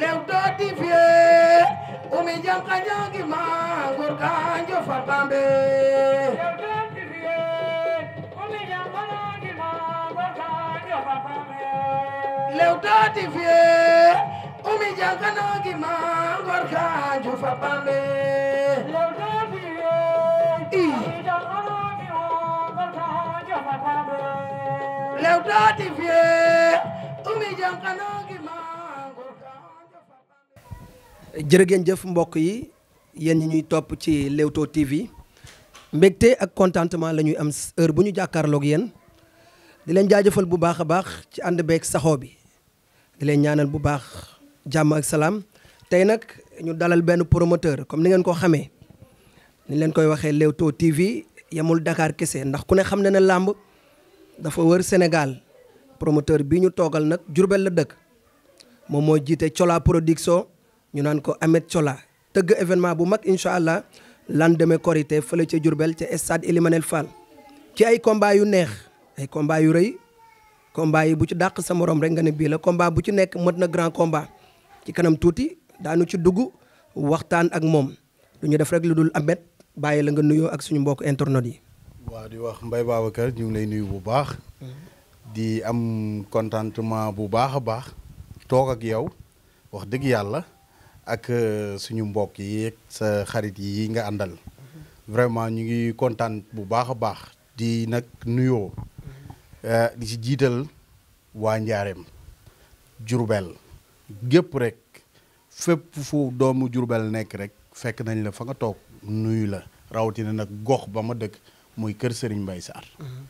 Leewtoo TV umi janka jangi ma góor kanjo far Bambey Leewtoo TV umi janka jangi ma góor kanjo far Bambey Leewtoo TV umi janka jangi ma góor kanjo far Bambey jërë ngeen jëf mbokk yi yéen ñi ñuy topp ci Leewtoo TV mbégte ak contentement la ñuy am heure bu ñu jàkkaarloog yéen di leen jaajëfal bu baax a baax ci ànd beeg saxoo bi di leen ñaanal bu baax jàmm ak salaam tey nag ñu dalal benn promoteur comme ni ngeen ko xamee ni leen koy waxee Leewtoo TV yemul dakaar kese ndax ku ne xam ne na làmb dafa wër Sénégal promoteur bi ñu toogal nag Jurbel la dëkk moom moo jiite Cola production ñu naan ko Ahmed Cola tëgg événement bu mag incha allah lan lendemain Korité fële ca Jurbel ca stade Elimanel Fall ci ay combat yu neex ay combat yu rëy combat yi bu ci dàq sa morom rek nga ne bii la combat bu ci nekk mët na grand combat ci kanam tuuti daanu ci dugg waxtaan ak moom lu ñu def rek lu dul Ahmed bàyyi la nga nuyoo ak suñu mbokk internautes yi waaw di wax Mbaye Babacar ñu ngi lay nuyu bu baax. di am contentement bu baax a baax. toog ak yow wax dëgg yàlla ak euh, suñu mbokk yi sa xarit yi nga àndal. vraiment ñu ngi kontaan bu baax a baax. di nag nuyoo. Euh, di si jiital waa Njaareem. Jurbel gépp rek fépp fu doomu Jurbel nekk rek fekk nañ la fa nga toog nuyu la rawatina nag gox ba ma dëkk. mooy kër Serigne mbay Sarr. Mm-hmm.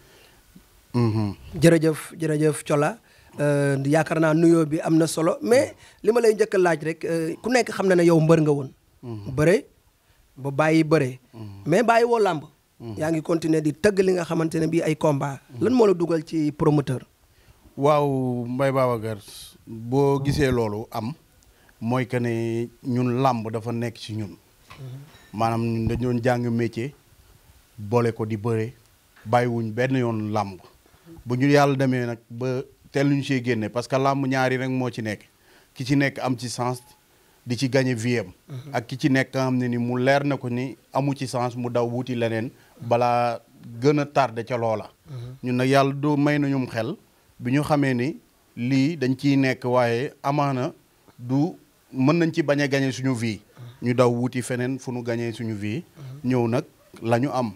Mm-hmm. jërëjëf jërëjëf Thiolla euh, yaakaar naa nuyoo bi am na solo mais mm-hmm. li ma lay njëkk laaj rek euh, ku nekk xam na ne yow mbër nga woon. bëre ba bàyyi bëre. mais bàyyi woo làmb. yaa ngi continuer di tëgg li nga xamante ne bii ay combat lan moo la dugal ci promoteur. waaw mbay Mbaye Babacar boo gisee loolu am mooy que ne ñun làmb dafa nekk ci ñun. maanaam ñun doon jàng métier boole ko di bëre bàyyiwuñ benn yoon làmb bu ñu yàlla demee nag ba teel ñu see génne parce que làmb ñaari rek moo ci nekk ki ci nekk am ci sens di ci gagné vie mhm. ak ki ci nekk nga xam ne ni mu leer na ko ni amu ci sens mu daw wuti leneen balaa gën a tardé ca loola mhm. ñun nag yàlla doo may nañum xel bi ñu xamee ni lii dañ ciy nekk waaye amaana du mën nañ ci bañ a suñu vie mhm. ñu daw wuti feneen fu nu gañe suñu vie ñëw nag lañu am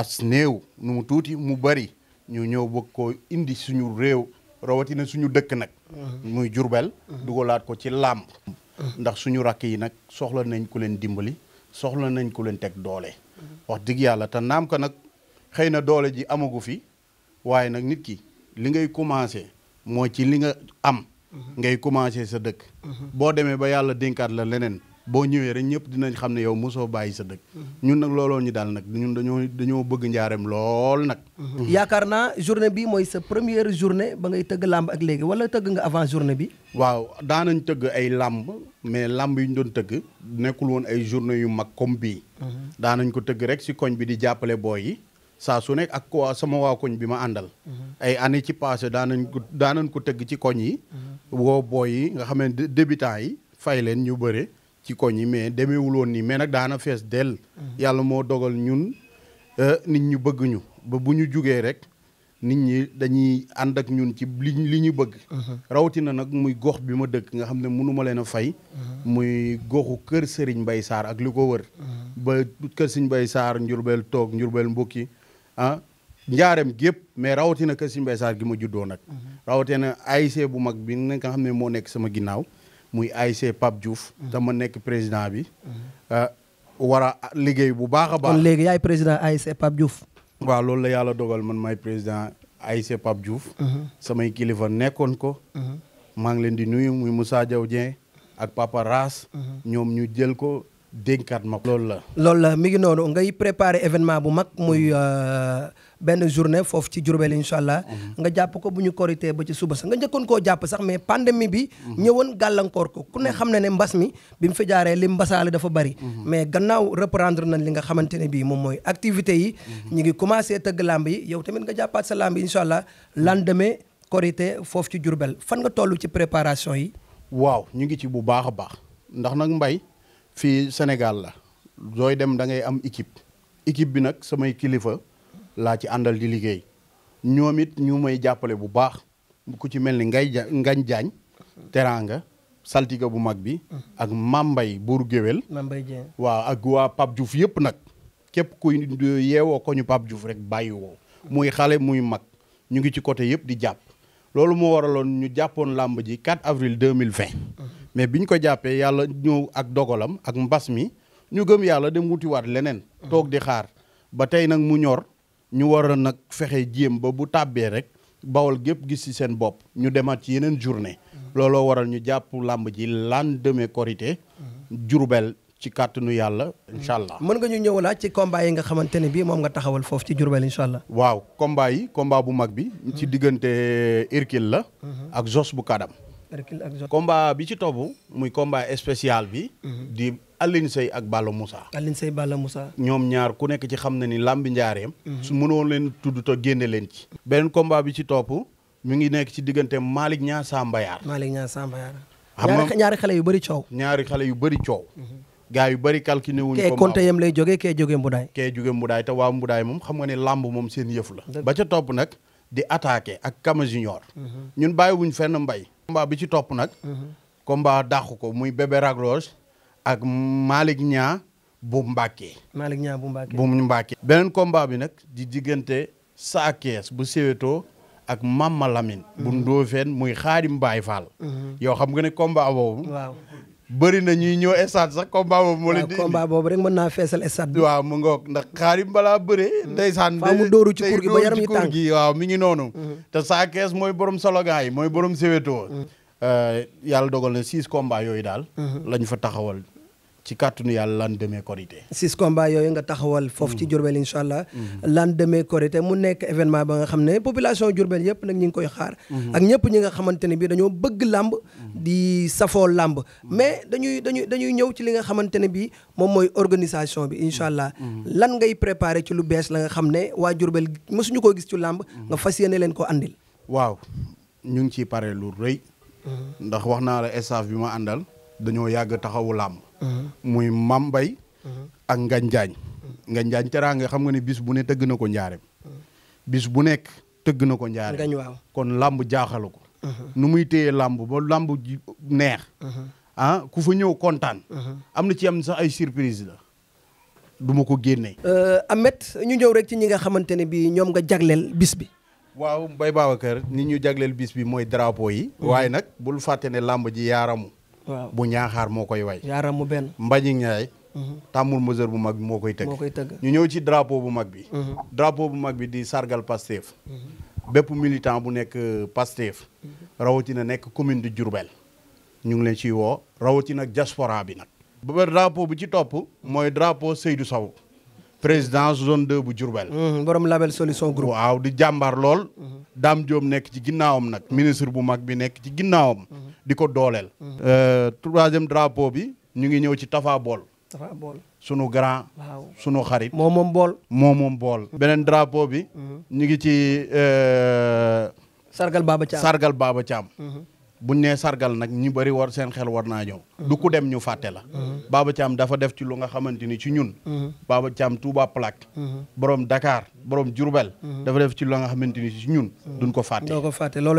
as néew nu mu tuuti mu bari ñu ñëw bëgg ko indi suñu réew rawatina suñu dëkk nag. Uh-huh. muy Jurbel. Uh-huh. dugalaat ko ci làmb. Uh-huh. ndax suñu rakk yi nag soxla nañ ku leen dimbali soxla nañ ku leen teg doole. wax dëgg yàlla te naam ko nag xëy na doole ji amagu fi waaye nag nit ki li ngay commencé moo ci li nga am. ngay commencé sa dëkk. boo demee ba yàlla dénkaat la leneen. boo ñëwee rek ñëpp dinañ xam ne yow mosoo bàyyi sa dëkk. ñun nag looloo ñu daal nag ñun dañoo dañoo bëgg njaareem lool nag. yaakaar naa journée bi mooy sa première journée ba ngay tëgg làmb ak léegi wala tëgg nga avant journée bi. waaw daanañ tëgg ay làmb mais làmb yu ñu doon tëgg nekkul woon ay journée yu mag comme bii. Mhm. daanañ ko tëgg rek si koñ bi di jàppale booy yi. saa su nekk ak waa sama waa koñ bi ma àndal. Mhm. ay années ci passé daanañ ko daanañ ko tëgg ci koñ yi. Mhm. woo booy yi nga xam ne yi fay leen ñu bëre. ci koñ yi mais demeewul nii mais nag daana fees dell. yàlla moo dogal ñun euh, nit ñi bëgguñu ñu ba bu ñu jugee rek nit ñi dañuy ànd ak ñun ci li li ñu bëgg. rawatina nag muy gox bi ma dëkk nga xam ne mënu leen a fay. muy goxu kër sëriñ Mbaye saar ak li ko wër. ba kër Serigne Mbaye Sarr njurbel toog njurubeel mbokki ah. njaarem gépp mais rawatina kër Serigne Mbaye Sarr gi ma juddoo nag. na AIC bu mag bi nga xam ne moo nekk sama ginnaaw. muy AIC Pape Diouf. te ma nekk président bi. Euh, war a liggéey bu baax a baax. kon léegi yaay président AIC Pape Diouf. waaw loolu la yàlla dogal man maay président AIC Pape Diouf. Mhm. samay kilifa nekkoon ko. Mhm. maa ngi leen di nuyu muy Moussa Diaw Dieng ak Papa Ras. Mhm. ñoom ñu jël ko. dénkaat ma loolu la. lool la mi ngi événement bu mag muy. Euh, benn journée foofu ci Diourbel incha allah. Mhm. nga jàpp ko bu ñu korité ba ci suba sax nga njëkkoon koo jàpp sax mais pandémie bi. Mhm. ñëwoon gàllankoor ko ku ne mhm. xam na ne mbas mi bi mu fi jaaree li mbasaale dafa bari. mais gannaaw reprendre na li nga xamante ne bii moom mooy activité yi. ñu ngi commencé tëgg làmb yi yow tamit nga jàppaat sa làmb yi incha allah lendemain korité foofu ci Diourbel fan nga toll ci préparation yi. waaw ñu ngi ci bu baax a baax ndax nag mbay fii Sénégal la dooy dem da ngay am équipe équipe bi nag samay kilifa. laa ci àndal di liggéey ñoom it ñu may jàppale bu baax ku ci mel ni ngay ja ngañ jaañ teraanga saltiga bu mag bi ak mambay buur géwél waa ak waa Pape Diouf yëpp nag képp kuy yeewoo ko ñu Pape Diouf rek bàyyiwoo woo muy xale muy mag ñu ngi ci côté yëpp di jàpp loolu moo waraloon ñu jàppoon làmb ji 4 avril 2020 mais bi ñu ko jàppee yàlla ñëw ak dogalam ak mbas mi ñu gëm yàlla dem wutiwaat leneen toog di xaar ba tey nag mu ñor ñu war a nag fexe jéem ba bu tàbbee rek bawal gépp gis ci seen bopp ñu demaat ci yeneen journée. looloo waral ñu jàpp làmb ji lendemain Korité Jurbel ci kàttanu yàlla incha allah. mën nga ñu ñëwalaat ci combat yi nga xamante ne bii moom nga taxawal foofu ci Jurbel incha allah. waaw combat yi kombaa bu mag bi. ci diggante Irkil la. ak Jos bu Kadam. Hercule ak Zot. combat bi ci topp muy combat spécial bi. Mhm. di Alioune Seye ak Balla musa Alioune Seye Balla Moussa. ñoom ñaar ku nekk ci xam na ni làmbi njaareem. Mhm. su mënoon leen tudd te génne leen ci. beneen combat bi ci topp mu ngi nekk ci diggante Malick Niang Sambayar. Malick Niang Sambayar. xam nga ñaari xale yu bari coow. ñaari xale yu bëri coow. Mhm. gaa yu bari calculé wuñ ko kee yam lay jógee kee jógee Mbudaay. kee jógee Mbudaay te waa Mbudaay moom xam nga ne làmb moom seen yëf la. ba ca topp nag di attaqué ak Kama Junior. ñun bàyyi wuñ fenn mbay. combat bi ci topp nag. combat dàqu ko muy bébé raglose ak Malick Niang bu Mbacké. Malick bu Mbacké bu Mbacké. beneen combat bi nag di diggante Sa bu Séwétoo ak Mama Lamine. bu mhm. Ndofène muy xaari Baye Fall. Mhm. yow xam nga ne combat boobu. bëri na ñuy ñëw stade sax combat boobu moo leen di combat boobu rek mën naa feesal stade bi waaw mu ngoog ndax xaarim balaa bëree hmm. ndeysaan faa mu dóoru ci kur gi ba yaram yi tàng waaw mi ngi noonu hmm. te saa mooy borom slogan yi mooy borom séwétoo hmm. euh, yàlla dogal na six combat yooyu daal lañ fa taxawal ci kàttanu yàlla lendemain Korité. six combats yooyu nga taxawal. foofu ci Diourbel incha allah. lendemain Korité mu nekk événement ba nga xam ne population Diourbel yëpp nag ñu ngi koy xaar. ak ñëpp ñi nga xamante ne bii dañoo bëgg làmb. di safoo làmb. mais dañuy dañuy dañuy ñëw ci li nga xamante ne bii moom mooy organisation bi incha allah. lan ngay préparer ci lu bees la nga xam ne waa Diourbel mësuñu koo gis ci làmb. nga fas yéene leen ko andil. waaw ñu ngi ciy pare lu rëy. ndax wax naa la staff bi ma àndal dañoo yàgg taxawu làmb muy Mam Mbay uh-huh. ak Nganjaañ uh-huh. Nganjaañ teraanga xam nga ne bis bu ne tëgg na ko njaareem uh-huh. bis bu nekk tëgg na ko njaareem kon làmb jaaxalu ko nu muy téye làmb ba làmb neex ah ku fa ñëw kontaan am na ci am sax ay surprise la duma ma ko génnee uh, Ameth ñu ñëw rek ci ñi nga xamante ne bi ñoom nga jagleel bis bi waaw Mbaye Babacar ni ñu jagleel bis bi mooy drapeau yi waaye nag bul fàtte ne làmb ji yaaramu bu ñaaxaar moo koy way yaaram mu benn mbañik mhm. tàmmul mesure bu mag bi moo koy tëgg moo koy tëgg ñu ñëw ci drapeau bu mag bi mhm. drapeau bu mag bi di sargal Pastef mhm. bépp militant bu nekk euh, Pastef rawatina nekk commune de Diourbel ñu ngi leen ciy woo rawatina diaspora bi nag ba drapeau bu ci topp mooy drapeau Seydou saw président zone 2 bu Diourbel borom label solution waaw di jàmbaar lool Dame Diop nekk ci ginnaawam nag ministre bu mag bi nekk ci ginnaawam di ko dooleel. Mm. Euh, troisième drapeau bi ñu ngi ñëw ci Tafa Bool. Tafa Bool sunu grand. waaw sunu xarit. moom moom Bool. moom Bool. Mm. beneen drapeau bi. Mm. ñu ngi ci. Euh, Sargal Baba Thiam Sargal Baba Thiam. Mm-hmm. buñ nee sargal nag ñu bari war seen xel war naa ñëw du ku dem ñu fàtte la Baba Thiam dafa def ci lu nga xamante ni ci ñun Baba Thiam Touba Plaque borom Dakar borom Diourbel dafa def ci lu nga xamante ni ñun duñ ko fàtte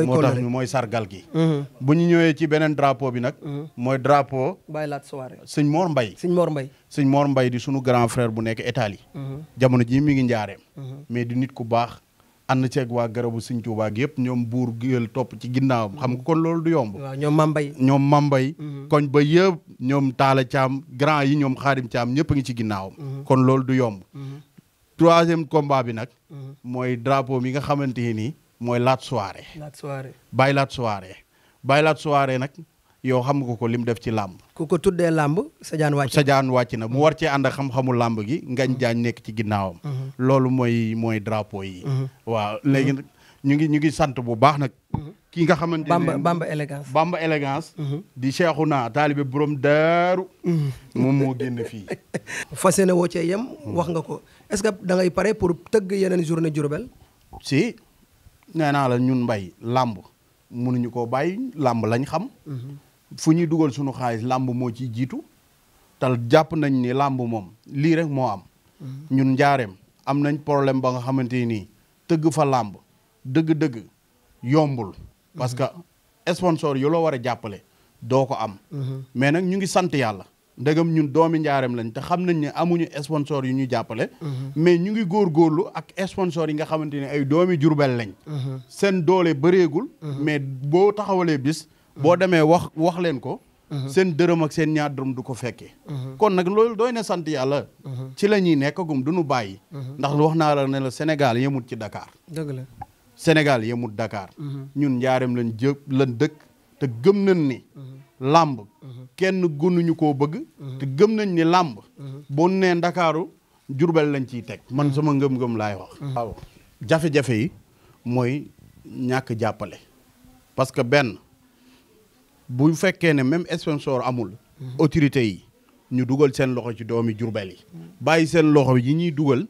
moo tax ñu mooy sargal gi mm-hmm. bu ñu ñëwee ci beneen drapeau bi nag mooy drapeau Baye Lat Soirée sëñ moor mbay sëñ Mor Mbaye sëñ Mor Mbaye di sunu grand frère bu nekk Italie mm-hmm. jamono jii mi ngi njaareem mm-hmm. mais di nit ku baax ànd ceeg waa garabu Sëñ Tuubaa gi yëpp ñoom buur géwél topp ci ginnaawam xam nga kon loolu du yomb waaw ñoom mambay ñoom mambay mm-hmm. koñ ba yëpp ñoom taala caam grand yi ñoom xaadim caam ñëpp a ngi ci ginnaawam mm-hmm. kon loolu du yomb mm-hmm. troisième combat bi nag mooy drapeau mi nga xamante ni mooy laat soirée laat soirée bàyyi laat soirée bàyyi laat soirée nag yow xam nga ko lim def ci làmb ku ko tuddee làmb sajaan wàcc sajaan wàcc na mu war cee ànd ak xam-xamu làmb gi ngañ jaañ nekk ci ginnaawam mhm. loolu mooy mooy drapeau yi mhm. waaw léegi nag ñu ngi ñu ngi sant bu baax nag mhm. ki nga xamante ne bamba bamba élégance bamba élégance di cheikhu naa taalibe borom daaru moom moo génn fii fas yéene woo cee yem wax nga ko est-ce que da pare pour tëgg yeneen journée Diourbel si nee naa la ñun mbay làmb mënuñu koo bàyyi làmb lañ xam fu ñuy dugal suñu xaalis làmb moo ci jiitu tal jàpp nañ ni làmb moom lii rek moo am ñun njaareem am nañ problème ba nga xamante nii tëgg fa làmb dëgg-dëgg yombul parce que sponsor yu loo war a jàppale doo ko am mais nag ñu ngi sant yàlla ndegam ñun doomi njaareem lañ te xam nañ ne amuñu sponsor yu ñu jàppale mais ñu ngi góor góorlu ak sponsor yi nga xamante ne ay doomi jurbel lañ mhm. seen doole bëreegul mhm. mais boo taxawalee bis boo demee wax wax leen ko mhm. seen dërëm ak seen ñaar dërëm du ko fekkee mhm. kon nag loolu dooy ne sant yàlla mhm. ci la ñuy nekkagum du ñu bàyyi ndax wax naa la ne la Sénégal yemut ci dakaar dëgg la Sénégal yemut dakaar ñun njaareem lañ jë lañ dëkk te gëm nañ ni làmb kenn gënuñu koo bëgg gëm nañ ni làmb boo nee Ndakaaru Jurbel lañ ciy teg man sama ngëm-ngëm laay wax waaw jafe-jafe yi mooy ñàkk jàppale parce que benn bu fekkee ne même sponsor amul. autorité yi ñu dugal seen loxo ci doomi Jurbel yi. bàyyi seen loxo yi ñuy dugal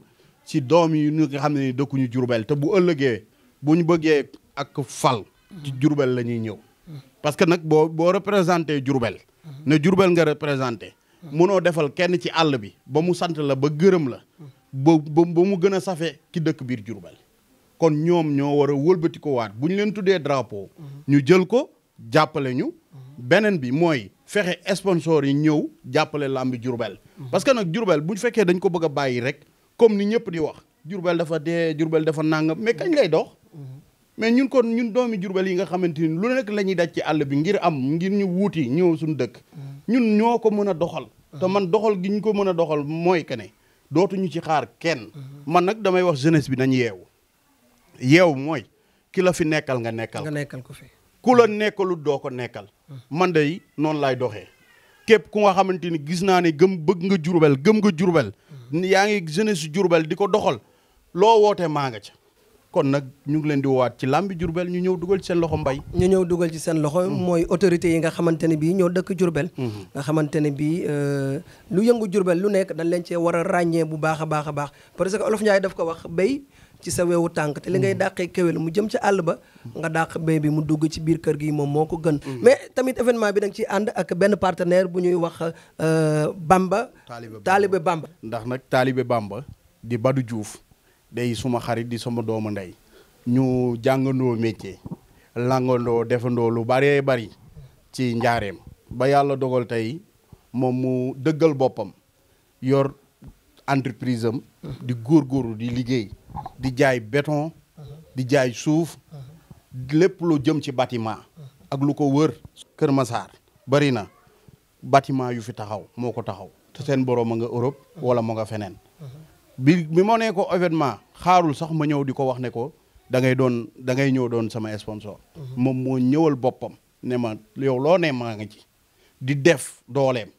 ci doom yi ñu nga xam ne dëkkuñu Jurbel te bu ëllëgee bu ñu bëggee ak fal. ci Jurbel la ñuy ñëw. parce que nag boo boo représenté Jurbel. na Jurbel nga représenté. mënoo defal kenn ci àll bi ba mu sant la ba gërëm la. ba ba mu gën a safee ki dëkk biir Jurbel. kon ñoom ñoo war a wëlbati ko waat bu ñu leen tuddee drapeau. ñu jël ko jàppale ñu. beneen bi mooy fexe sponsor yi ñëw jàppale làmbi Diourbel parce que nag Diourbel bu fekkee dañ ko bëgg a bàyyi rek comme ni ñëpp di wax Diourbel dafa dee Diourbel dafa nangam mais kañ lay dox mais ñun kon ñun doomi Diourbel yi nga xamante ni lu nekk la ñuy daj ci àll bi ngir am ngir ñu wuuti ñëw suñu dëkk ñun ñoo ko mën a doxal te man doxal gi ñu ko mën a doxal mooy que ne dootuñu ci xaar kenn man nag damay wax jeunesse bi nañ yeewu yeewu mooy ki la fi nekkal nga nekkal nga nekkal ko fi ku la nekkalu doo ko nekkal man dey noonu laay doxee képp ku nga xamante ni gis naa ne gëm bëgg nga Jurbel gëm nga Jurbel yaa ngi jeunesse Jurbel di ko doxal loo woote maa nga ca kon nag ñu ngi leen di woowaat ci làmbi Jurbel ñu ñëw dugal ci seen loxo mbay ñu ñëw dugal ci seen loxo mm-hmm. mooy autorités yi nga xamante ne bii ñoo dëkk Jurbel mm-hmm. nga xamante ne bii euh, lu yëngu Jurbel lu nekk dañ leen cee war a ràññee bu baax a baax a baax parce que Olof Njaay daf ko wax bay ci sa wewu tànk te li ngay mm. dàqee kéwél mu jëm ca àll ba mm. nga dàq béy bi mu dugg ci biir kër gi moom moo ko gën mm. mais tamit événement bi da nga ciy ànd ak benn partenaire bu ñuy wax euh, Bamba taalibe Bamba ndax nag taalibe Bamba di Badou juuf day suma xarit di sama doomu ndey ñu jàngandoo métier langandoo defandoo lu baree bëri ci njaareem ba yàlla dogal tey moom mu dëggal boppam yor entreprise am di góorgóorlu di liggéey di jaay béton di jaay suuf lépp lu jëm ci bâtiment ak lu ko wër Kër Massar bari na bâtiment yu fi taxaw moo ko taxaw te seen borom a nga Europe wala mu nga feneen bi moo ne ko événement xaarul sax ma ñëw di ko wax ne ko da ngay doon da ñëw doon sama sponsor moom moo ñëwal boppam ne ma yow loo ne maa ngi ci di def dooleem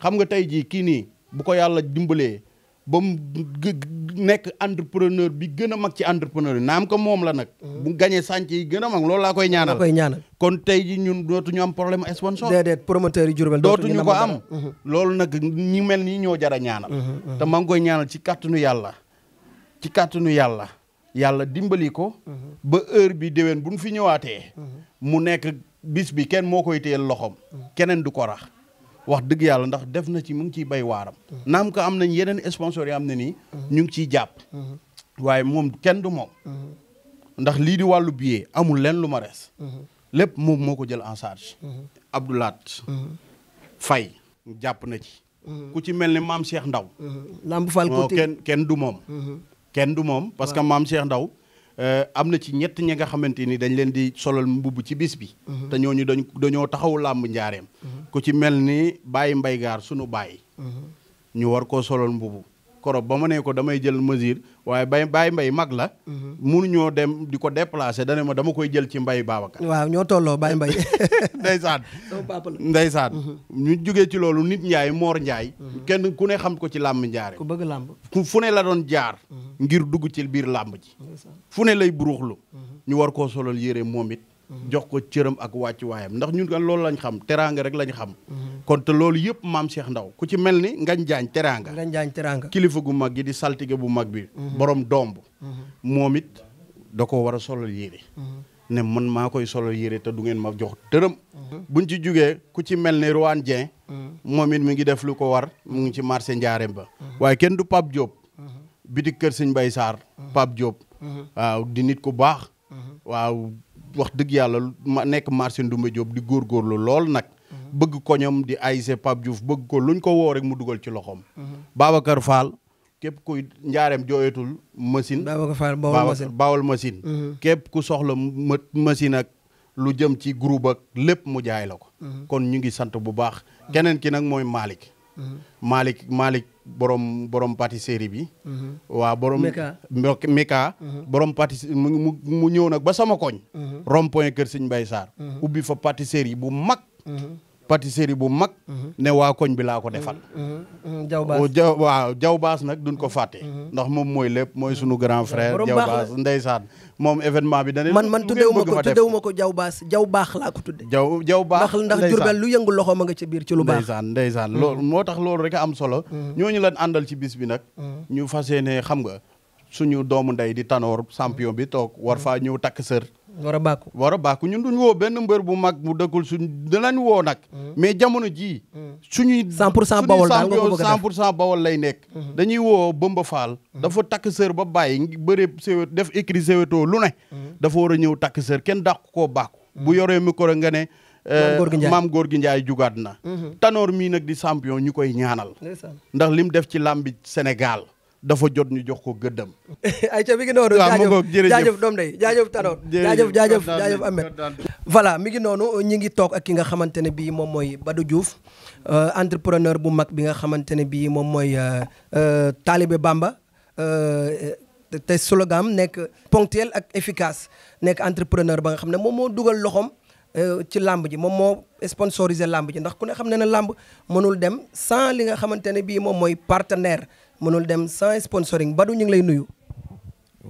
xam nga tey jii kii nii bu ko yàlla dimbalee ba mu nekk entrepreneur bi gën a mag ci entrepreneur yi naam ko moom la nag. Mm-hmm. bu gañee sànc yi gën a mag loolu laa koy ñaanal. koy ñaanal kon tey ji ñun dootuñu am problème sponsor. déedéet promoteur yi Diourbel dootuñu ko am. Mm-hmm. loolu nag ñi mel nii ñoo jara a ñaanal. Mm-hmm, te maa ngi koy ñaanal ci kàttanu yàlla ci kàttanu yàlla yàlla dimbali ko. ba heure bi déwén bu mu fi ñëwaatee. mu nekk bis bi kenn moo koy téyel loxoom. keneen du ko rax. wax dëgg yàlla ndax def na ci mu ngi ciy bay waaram naam ko am nañ yeneen sponsor yi am na nii ñu ngi ciy jàpp waaye moom kenn du moom ndax lii di wàllu billet amul leen lu ma rees lépp moom moo ko jël en charge Abdoulaat Fay jàpp na ci ku ci mel ni maam Cheikh Ndaw lamb kenn du moom mhm. kenn du moom parce que maam Cheikh Ndaw Euh, am na ci ñett ñi nga xamante ni dañ leen di solal mbubb ci bis bi mhm. te ñu doñ doñoo taxawu làmb njaareem mhm. ku ci mel ni bàyyi mbaygaar sunu baay mhm. ñu war koo solal mbubb korob ba ma nee ko damay jël mesure waaye bay bàyyi mbay mag la mhm. mu nu mënuñoo dem di ko déplacer dana ma dama koy jël ci mbay Babacar waaw ñoo tolloo bàyyi mbay ndeysaan ndeysaan mhm. ñu jóge ci loolu nit njaay moor njaay mhm. kenn ku ne xam ko ci làmb njaare ku bëgg làmb fu ne la doon jaar ngir dugg ci biir làmb ci fu ne lay buruuxlu ñu war koo solal yére moom jox ko cëram ak wàcc waayam ndax ñun kan loolu lañ xam teraanga rek lañ xam mhm. kon te loolu yëpp maam Cheikh Ndaw ku ci mel ni ngañ jaañ teraanga ngañ jaañ teraanga kilifa gu mag gi di saltige bu mag bi mhm. borom domb mhm. moom it da ko war a solal yére ne man maa koy solal yére te du ngeen ma jox bu buñ ci jugee ku ci mel ni Roane Dieng moom it mi ngi def lu ko war mu ngi ci marché Ndiarème ba waaye kenn du Pape Diop bitik kër sëñ Bay Sarr Pape Diop waaw di nit ku baax waaw wax dëgg yàlla ma nekk marché Ndoumbé Diop di góor góorlu lool nag. bëgg koñom di ASC Pape Diouf bëgg ko luñ ko woo rek mu dugal ci loxoom. Babacar Fall képp kuy njaareem jooyatul machine. Babacar Fall bawal machine bawal machine. Mhm. képp ku soxla machine ak lu jëm ci groupe lépp mu jaay la ko. Mhm. kon ñu ngi sant bu baax. keneen ki nag mooy Malick. Mhm. Malick Malick borom borom yi bi. Mm-hmm. waa borom. Meka Meka. Mm-hmm. borom pâtisserie mu mu mu ñëw nag ba sama koñ. Mm-hmm. rond point Kër Sëñ Mbay Sarr. ubbi fa pâtisserie bu mag. pâtisserie bu mag. Mhm. ne waa koñ bi laa ko defal. Mhm. Mhm. Jaw Baas waaw Jaw Baas nag duñ ko fàtte. ndax moom mooy lépp mooy sunu grand frère. Jaw Baas ndeysaan moom événement bi dañuy. man man tuddewuma ko tuddewuma ko Jaw Baas Jaw Baax laa ko tudde Jaw Jaw Baax ndax Jurbel lu yëngu loxo ma nga ci biir ci lu baax. ndeysaan ndeysaan moo tax loolu rek am solo. ñooñu leen àndal ci bis bi nag. ñu fas ne xam nga suñu doomu ndey di tanoor champion bi toog war faa ñëw takk sër. war a bàkku war a bàkku ñun duñ woo benn mbër bu mag bu dëkkul suñ dinañ woo nag. Hmm. mais jamono jii. Hmm. suñuy 100 pour cent bawol daal pour cent bawol lay nekk. Hmm. dañuy woo Bamba Fall. dafa takk sër ba bàyyi bëree sewet def écrit séwétoo lu ne. dafa war a ñëw takk kenn dàqu ko bàkku. bu yoree micro nga ne. Eh, maam góor gi Njaay jugaat na. tanoor mii nag di champion ñu koy ñaanal. ndax lim def ci làmbi Sénégal. dafa jot ñu jox ko gëddam. ay ca mi ngi noonu. waaw mu ngoog jërëjëf jaajëf doom day jaajëf Tanor. jaajëf jaajëf voilà mi ngi noonu ñi ngi toog ak ki nga xamante ne bii moom mooy Badou euh, bu mag bi nga xamante ne bii moom mooy euh, euh, Talibé Bamba. te slogan nekk ponctuel ak efficace nekk entrepreneur ba nga xam ne moom moo dugal loxoom ci làmb ji moom moo sponsorisé làmb ji ndax ku ne xam ne ne làmb mënul dem sans li nga xamante ne bii moom mooy partenaire. mënul dem sans sponsoring Badou ñu ngi lay nuyu.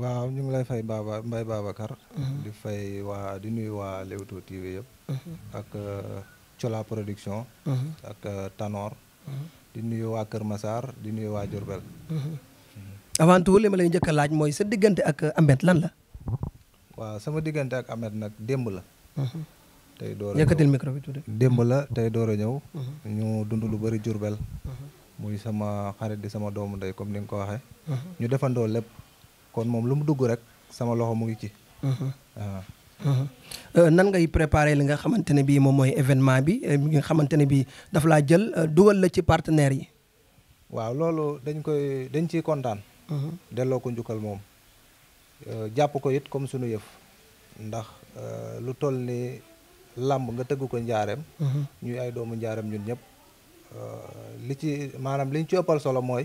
waaw ñu ngi lay fay Baba Mbaye Babacar. Mm-hmm. di fay waa di nuyu waa Leewtoo TV yëpp. Mm-hmm. ak uh, Cola production. Mm-hmm. ak uh, Tanor. di nuyu waa Kër Massar di nuyu waa Diourbel. avant li ma lay njëkk laaj mooy sa diggante ak uh, Ameth lan la. waaw sama diggante ak Ameth nag démb la. tey door a ñëw la tey door a ñu dund lu bëri Diourbel. muy sama xarit di sama doomu ndey comme ni nga ko waxee. Uh-huh. ñu defandoo lépp kon moom lu mu dugg rek sama loxo mu ngi ci. Uh-huh. Uh-huh. Uh, nan ngay préparer li nga xamante ne bii moom mooy événement bi eh, nga xamante ne bii daf laa jël eh, dugal la ci partenaires yi. waaw loolu dañ koy dañ ciy kontaan. delloo ko njukkal moom. Euh, jàpp ko it comme sunu yëf. ndax euh, lu toll ni làmb nga tëgg ko njaareem. ñuy ay doomu njaareem ñun ñëpp. Euh, li ci maanaam li ñu ci ëppal solo mooy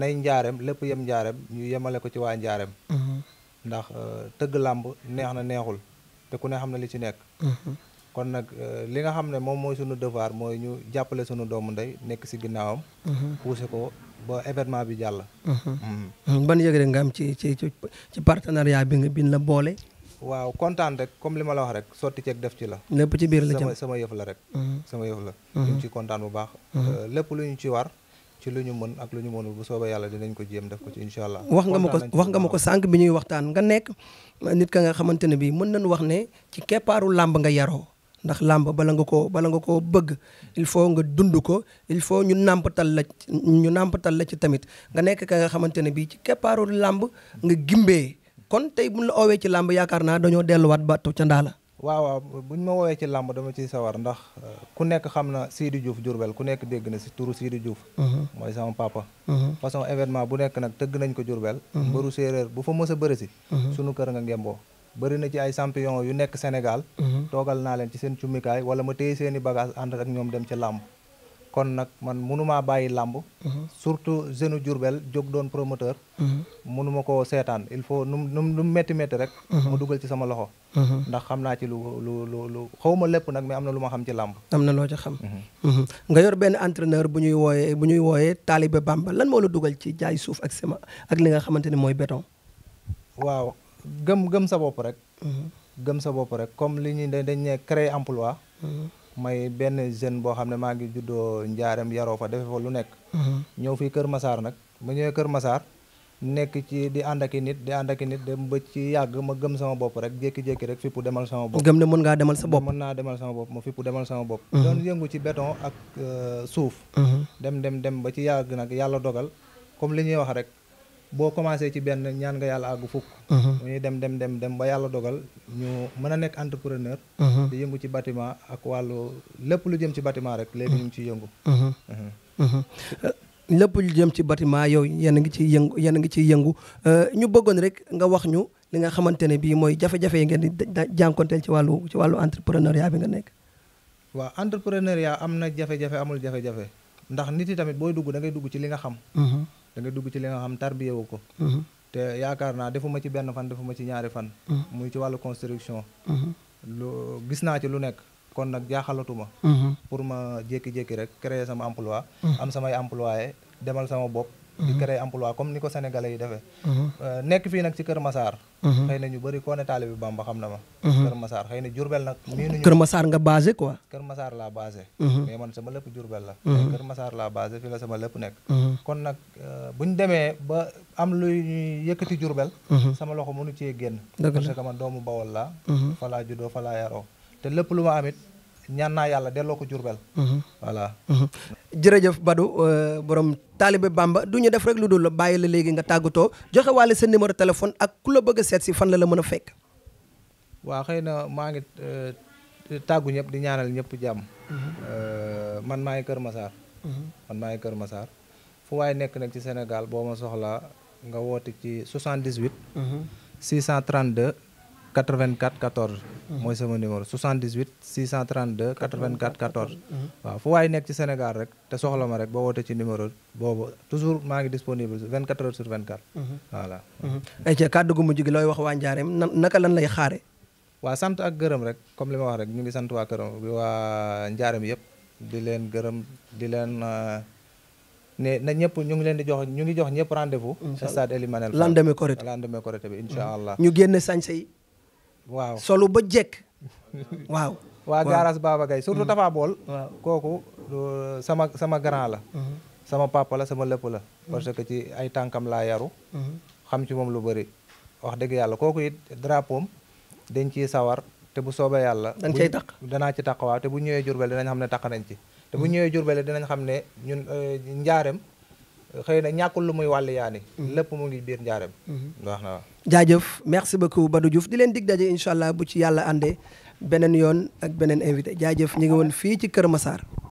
nay njaareem lépp yem njaareem ñu yemale ko ci waa njaareem mm-hmm. ndax euh, tëgg làmb neex na neexul te ku ne xam ne li ci nekk mm-hmm. kon nag euh, li nga xam ne moom mooy sunu devoir mooy ñu jàppale sunu doomu ndey nekk si ginnaawam mm-hmm. pousser ko ba événement bi jàll ban yëg rek nga am ci ci ci partenariat bi nga bin la boole waaw kontaan rek comme li ma la wax rek sotti ceeg def ci la. lépp ci biir la jëm sama yëf la rek. Mm-hmm. sama yëf la. Mm-hmm. ñu ngi kontaan bu baax. Mm-hmm. Euh, lépp lu ñu ci war. ci lu ñu mën ak lu ñu mënul bu soobee yàlla dinañ ko jéem def ko ci incha allah. wax nga ma ko wax nga ma ko sànq bi ñuy waxtaan nga nekk nit ka nga xamante ne bii mën nañu wax ne ci keppaaru làmb nga yaroo. ndax làmb bala nga koo bala nga koo bëgg il faut nga dund ko il faut ñu nàmpatal la ñu nàmpatal la ci tamit nga nekk ka nga xamante ne bii ci keppaaru làmb nga gimbee kon tey buñ la oowee ci làmb yaakaar naa dañoo delluwaat ba ca ndaa la waaw waaw buñ ma woowee ci làmb dama ci sawar ndax euh, ku nekk xam na Sidi Diouf Diourbel ku nekk dégg na si turu Sidi Diouf uh-huh. mooy sama papa uh-huh. bu nekk nag tëgg nañ ko Diourbel uh-huh. mbëru séeréer bu fa mës a bëri si sunu kër nga ngemboo bëri na ci ay champion yu nekk Sénégal toogal naa leen ci seen cummikaay wala ma téye seeni i bagage ànd ak ñoom dem ci làmb kon nag man mënumaa bàyyi làmb mhm. surtout jeune Diourbel jóg doon promoteur mhm. mënuma ko seetaan il faut nu mu nu mu métti métti rek mhm. mu dugal ci sama loxo ndax xam naa ci lu lu lu xaw ma lépp nag mais am na lu ma xam ci làmb am na loo ci xam nga yor benn entraîneur bu ñuy wooyee bu ñuy wooyee Talibé Bamba lan moo la dugal ci jaay suuf ak sama ak li nga xamante ne mooy béton waaw gëm gëm sa bopp rek gëm sa bopp rek comme li ñuy dañ ne créer emploi may benn jeune boo xam ne maa ngi juddoo njaareem yaroo fa defe fa lu nekk. Mhm. ñëw fii Kër masaar nag ma ñëwee Kër Massar nekk ci di ànd ak nit di ànd ak i nit dem ba ci yàgg ma gëm sama bopp rek jékki-jékki rek fippu demal sama bopp. gëm ne mën ngaa demal sa bopp mën naa demal sama bopp ma fippu demal sama bopp. Mhm. doon yëngu ci béton ak euh, suuf. Mhm. dem dem dem ba ci yàgg nag yàlla dogal comme li ñuy wax rek. boo commencé ci benn ñaan nga yàlla àggu fukk uh-huh. mu ñuy dem dem dem dem ba yàlla dogal ñu mën a nekk entrepreneur uh-huh. di yëngu ci bâtiment ak wàllu lépp lu jëm ci bâtiment rek léegi ñu ngi ciy uh-huh. yëngu uh, lépp lu jëm ci bâtiment yow yéen a ngi ciy yëngu yéen a ngi ciy yëngu uh, ñu bëggoon rek nga wax ñu li nga xamante ne bii mooy jafe-jafe yi ngeen di jànkonteel ci wàllu ci wàllu entrepreneuriat bi nga nekk waaw entrepreneuriat am na jafe-jafe amul jafe-jafe ndax nit yi tamit booy dugg da ngay dugg ci li nga xam da dugg ci li nga xam tarbiye wu ko mhm. te yaakaar naa defuma ci benn fan defuma ci ñaari fan mhm. muy ci wàllu construction mhm. lu gis naa ci lu nekk kon nag jaaxalatuma pour ma jékki-jékki rek créer sama emploi am samay employé demal sama bopp di mhm. créer emploi comme ni ko sénégalais yi defee mhm. euh, nekk fii nag ci Kër Massar mhm. xëy na ñu bari koo ne taalibi Bamba xam na ma Kër Massar xëy na Jurbel nag miinuñu Kër Massar nga basé quoi Kër Massar laa basé mais sama lépp Jurbel la Kër Massar laa basé fii la sama lépp nekk kon nag euh, buñ demee ba am luy ñuy yëkkati Jurbel sama loxo mënu cee génn parce que man doomu Bawol laa falaa juddoo falaa yaroo te lépp lu ma amit ñaan naa yàlla delloo ko Jurbel mhm. voilà mhm. jërëjëf Badou euh, borom taalibe Bamba du ñu def rek lu dul bàyyi la léegi nga tàggatoo joxe waale sa numéro téléphone ak ku la bëgg a seet si fan la la mën a fekk waa xëy na maa ngi euh, tàggu ñëpp di ñaanal ñëpp jàmm mhm. euh, man maa ngi Kër Massar man maa ngi Kër Massar fu waaye nekk nag ci Sénégal boo ma soxlaa nga woote ci 78 632 84 14. Mhm. mooy sama numéro 78 632 84 14. waaw fu waay nekk ci Sénégal rek te soxla ma rek boo wootee ci numéro boobu toujours maa ngi disponible 24 heures sur 24. Mhm. voilà. Mhm. ayca kàddu gu mujj gi looy wax waa Njaareem naka lan lay xaare waa sant ak gërëm rek comme li ma wax rek ñu ngi sant waa këram waa Njaareem yëpp di leen gërëm di leen. Uh, ne na ñu ngi leen di jox ñu ngi waaw solu ba jekk waaw waa gaaraas Baba Gaye surtout mm-hmm. Tafa Bool kooku sama sama grand la mm-hmm. sama papa la sama lëpp la mm-hmm. parce que ci ay tànkam laa yaru xam ci moom lu bëri wax dëgg yàlla kooku it drapeau am dañ ciy sawar te bu soobee yàlla dañ cay taq danaa ci taq waaw te bu ñëwee Jurbel dinañ xam ne taq nañ ci te bu ñëwee Jurbel dinañ xam ne ñun euh, njaarem xëy na ñàkkul lu muy wàll yaani lépp mu ngi biir njaarem jaajëf merci beaucoup Badou Diouf di leen dig daje incha allah bu ci yàlla àndee beneen yoon ak beneen invité jaajëf ñu ngi woon fii ci Kër Massar.